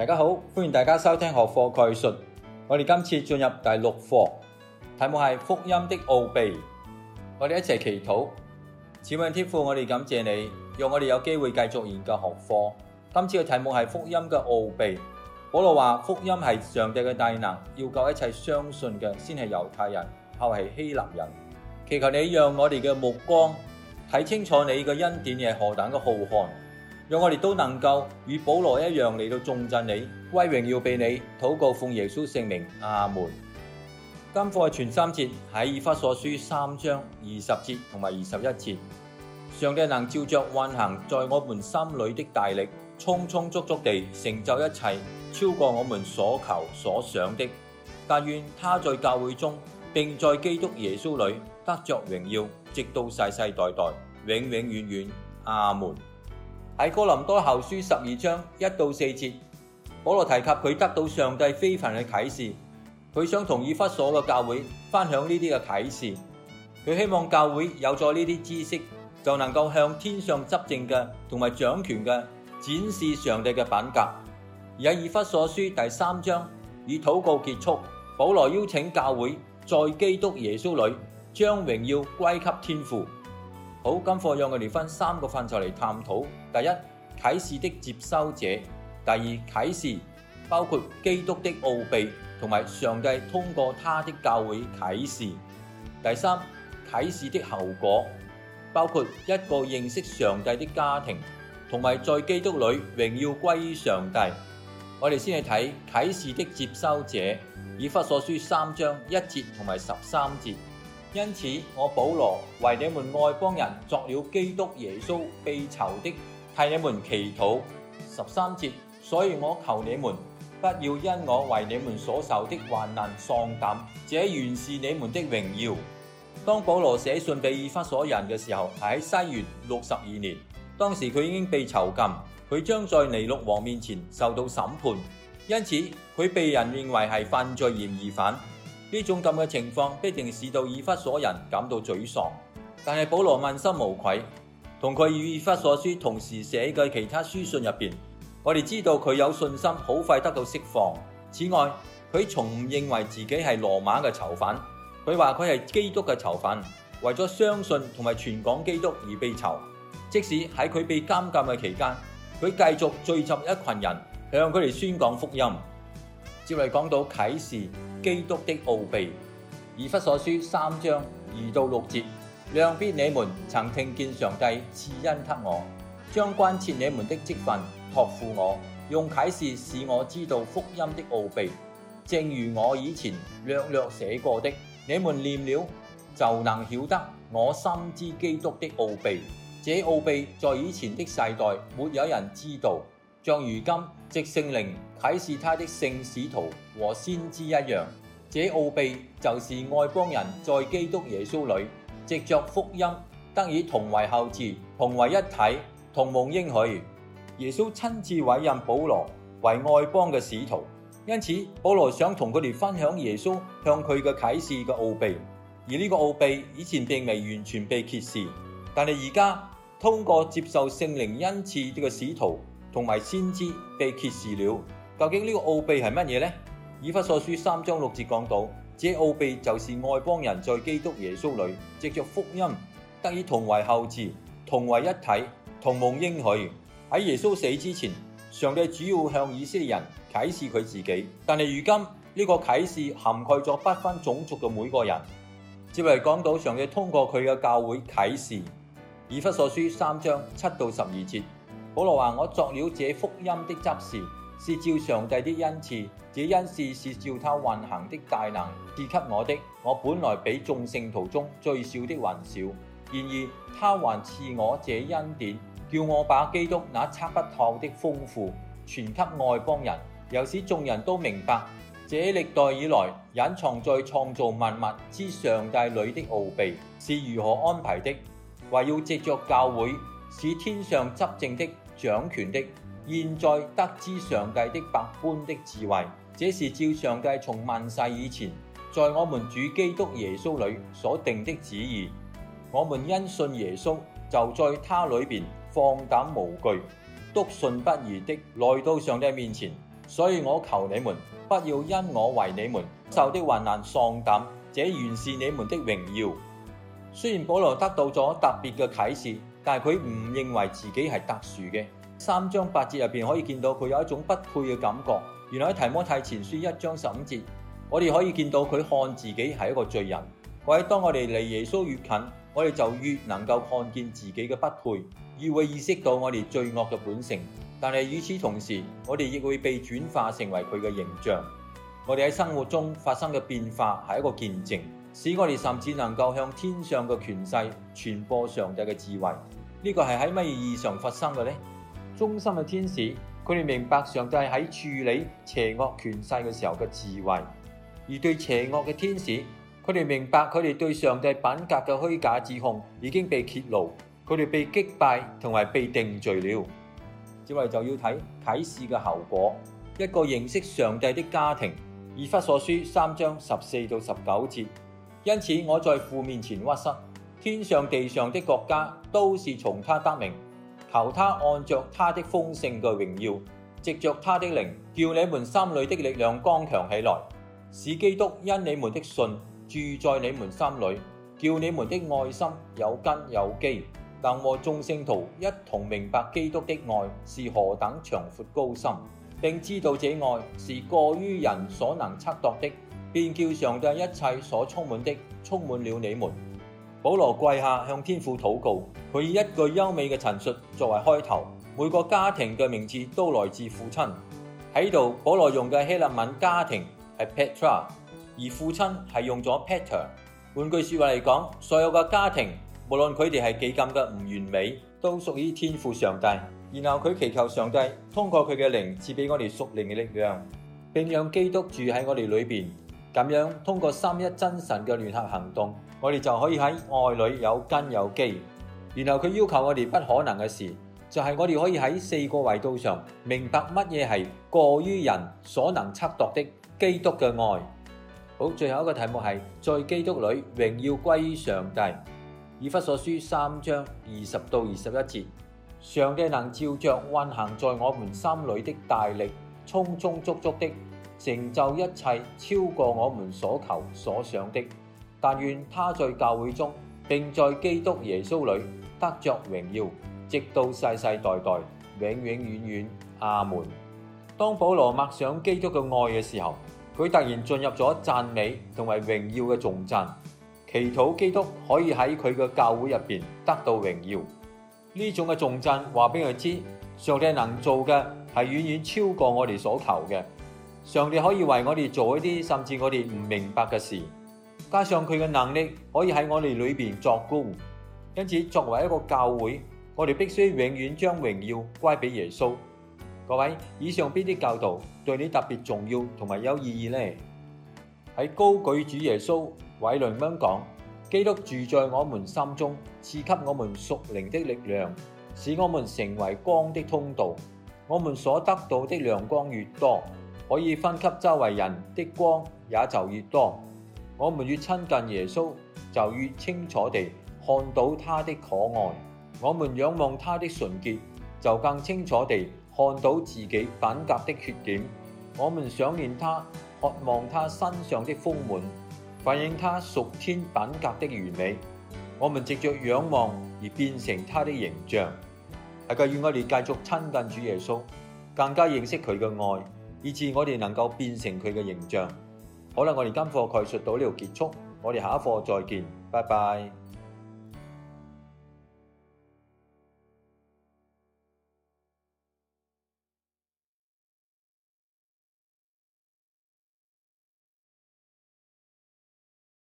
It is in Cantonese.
大家好，歡迎大家收聽學課概述。我哋今次進入第六課，題目係福音的奧秘。我哋一齊祈禱，主嘅天父，我哋感謝你，讓我哋有機會繼續研究學課。今次嘅題目係福音嘅奧秘。保羅話，福音係上帝嘅大能，要救一切相信嘅，先係猶太人，後係希臘人。祈求你讓我哋嘅目光睇清楚你嘅恩典係何等嘅浩瀚。讓我哋都能夠與保羅一樣嚟到重震你，威榮耀俾你禱告，奉耶穌聖名，阿門。今課全三節喺以弗所書三章二十節同埋二十一節，上帝能照着運行在我們心裏的大力，充充足，足足地成就一切，超過我們所求所想的。但願他在教會中，並在基督耶穌裏得着榮耀，直到世世代代，代，永永遠遠，遠，遠，阿門。喺哥林多後書十二章一到四節，保羅提及佢得到上帝非凡嘅啟示，佢想同以弗所嘅教會分享呢啲嘅啟示。佢希望教會有咗呢啲知識，就能夠向天上執政嘅同埋掌權嘅展示上帝嘅品格。而喺以弗所書第三章以禱告結束，保羅邀請教會在基督耶穌裏將榮耀歸給天父。好，今課讓我哋分三個範疇嚟探討：第一，啟示的接收者；第二，啟示包括基督的奧秘同埋上帝通過他的教會啟示；第三，啟示的後果包括一個認識上帝的家庭同埋在基督裏榮耀歸上帝。我哋先嚟睇啟示的接收者，以弗所書三章一節同埋十三節。因此，我保羅為你們外邦人作了基督耶穌被囚的，替你們祈禱。十三節，所以我求你們不要因我為你們所受的患難喪膽，這原是你們的榮耀。當保羅寫信俾以弗所人嘅時候，喺西元六十二年，當時佢已經被囚禁，佢將在尼祿王面前受到審判，因此佢被人認為係犯罪嫌疑犯。呢種咁嘅情況，必定使到以弗所人感到沮喪。但係保羅問心無愧，同佢與以弗所書同時寫嘅其他書信入邊，我哋知道佢有信心好快得到釋放。此外，佢從唔認為自己係羅馬嘅囚犯，佢話佢係基督嘅囚犯，為咗相信同埋傳講基督而被囚。即使喺佢被監禁嘅期間，佢繼續聚集一群人，向佢哋宣講福音。接嚟講到啟示基督的奧秘，以弗所書三章二到六節，諒必你們曾聽見上帝賜恩給我，將關切你們的職分託付我，用啟示使我知道福音的奧秘，正如我以前略略寫過的，你們念了就能曉得我深知基督的奧秘，這奧秘在以前的世代沒有人知道。像如今，藉聖靈啟示他的聖使徒和先知一樣，這奧秘就是外邦人在基督耶穌裏藉着福音得以同為後嗣、同為一體、同蒙應許。耶穌親自委任保羅為外邦嘅使徒，因此保羅想同佢哋分享耶穌向佢嘅啟示嘅奧秘。而呢個奧秘以前並未完全被揭示，但係而家通過接受聖靈恩賜呢個使徒同埋先知被揭示了，究竟呢個奧秘係乜嘢呢？以弗所書三章六節講到，這奧秘就是外邦人在基督耶穌裏借着福音得以同為後嗣、同為一體、同蒙應許。喺耶穌死之前，上帝主要向以色列人啟示佢自己，但係如今呢個啟示涵蓋咗不分種族嘅每個人。接嚟講到上帝通過佢嘅教會啟示，以弗所書三章七到十二節。保羅話：我作了這福音的執事，是照上帝的恩賜；這恩賜是照他運行的大能賜給我的。我本來比眾聖徒中最少的還少，然而他還賜我這恩典，叫我把基督那測不透的豐富傳給外邦人，又使眾人都明白這歷代以來隱藏在創造萬物，物之上帝裏的奧秘是如何安排的。為要藉着教會，使天上執政的，掌權的，現在得知上帝的百般的智慧，這是照上帝從萬世以前，在我們主基督耶穌裏所定的旨意。我們因信耶穌，就在他裏面放膽無懼，篤信不疑的來到上帝面前。所以我求你們，不要因我為你們受的患難喪膽，這原是你們的榮耀。雖然保羅得到咗特別嘅啟示，但係佢唔認為自己係特殊嘅。三章八節入邊可以見到佢有一種不配嘅感覺。原來喺提摩太前書一章十五節，我哋可以見到佢看自己係一個罪人。或者當我哋離耶穌越近，我哋就越能夠看見自己嘅不配，越會意識到我哋罪惡嘅本性。但係與此同時，我哋亦會被轉化成為佢嘅形象。我哋喺生活中發生嘅變化係一個見證。使我哋甚至能夠向天上嘅權勢傳播上帝嘅智慧。呢、這個係喺乜意義上發生嘅呢？忠心嘅天使，佢哋明白上帝喺處理邪惡權勢嘅時候嘅智慧；而對邪惡嘅天使，佢哋明白佢哋對上帝品格嘅虛假指控已經被揭露，佢哋被擊敗同埋被定罪了。只為就要睇啟示嘅後果。一個認識上帝的家庭，以弗所書三章十四到十九節。因此我在父面前屈膝，天上地上的國家都是從他得名，求他按着他的豐盛的榮耀，藉着他的靈，叫你們心裏的力量剛強起來，使基督因你們的信住在你們心裏，叫你們的愛心有根有基，能和眾聖徒一同明白基督的愛是何等長闊高深，並知道這愛是過於人所能測度的。便叫上帝一切所充滿的充滿了你們。保羅跪下向天父禱告，佢以一句優美嘅陳述作為開頭。每個家庭嘅名字都來自父親。喺度，保羅用嘅希臘文家庭係 Petra，而父親係用咗 Peter。換句説話嚟講，所有嘅家庭，無論佢哋係幾咁嘅唔完美，都屬於天父上帝。然後佢祈求上帝通過佢嘅靈賜俾我哋屬靈嘅力量，並讓基督住喺我哋裏邊。咁樣通過三一真神嘅聯合行動，我哋就可以喺愛裏有根有基。然後佢要求我哋不可能嘅事，就係我哋可以喺四個維度上明白乜嘢係過於人所能測度的基督嘅愛。好，最後一個題目係在基督裏榮耀歸於上帝。以弗所書三章二十到二十一節，上帝能照着運行在我們心裏的大力，充充足足的。成就一切，超過我們所求所想的。但願他在教會中，並在基督耶穌裏得着榮耀，直到世世代代，永永遠遠,遠遠。阿門。當保羅默想基督嘅愛嘅時候，佢突然進入咗讚美同埋榮耀嘅重鎮，祈禱基督可以喺佢嘅教會入邊得到榮耀呢種嘅重鎮。話俾佢知，上帝能做嘅係遠遠超過我哋所求嘅。上帝可以為我哋做一啲甚至我哋唔明白嘅事，加上佢嘅能力可以喺我哋裏邊作工。因此，作為一個教會，我哋必須永遠將榮耀歸俾耶穌。各位，以上邊啲教導對你特別重要同埋有意義呢？喺高舉主耶穌，偉倫噉講，基督住在我們心中，賜給我們屬靈的力量，使我們成為光的通道。我們所得到的亮光越多。可以分給周圍人的光也就越多。我們越親近耶穌，就越清楚地看到他的可愛。我們仰望他的純潔，就更清楚地看到自己品格的缺點。我們想念他，渴望他身上的豐滿，反映他屬天品格的完美。我們藉着仰望而變成他的形象。大家願我哋繼，繼續親近主耶穌，更加認識佢嘅愛。以至我哋能夠變成佢嘅形象。好喇，我哋今課講述到呢度結束，我哋下一課再見，拜拜。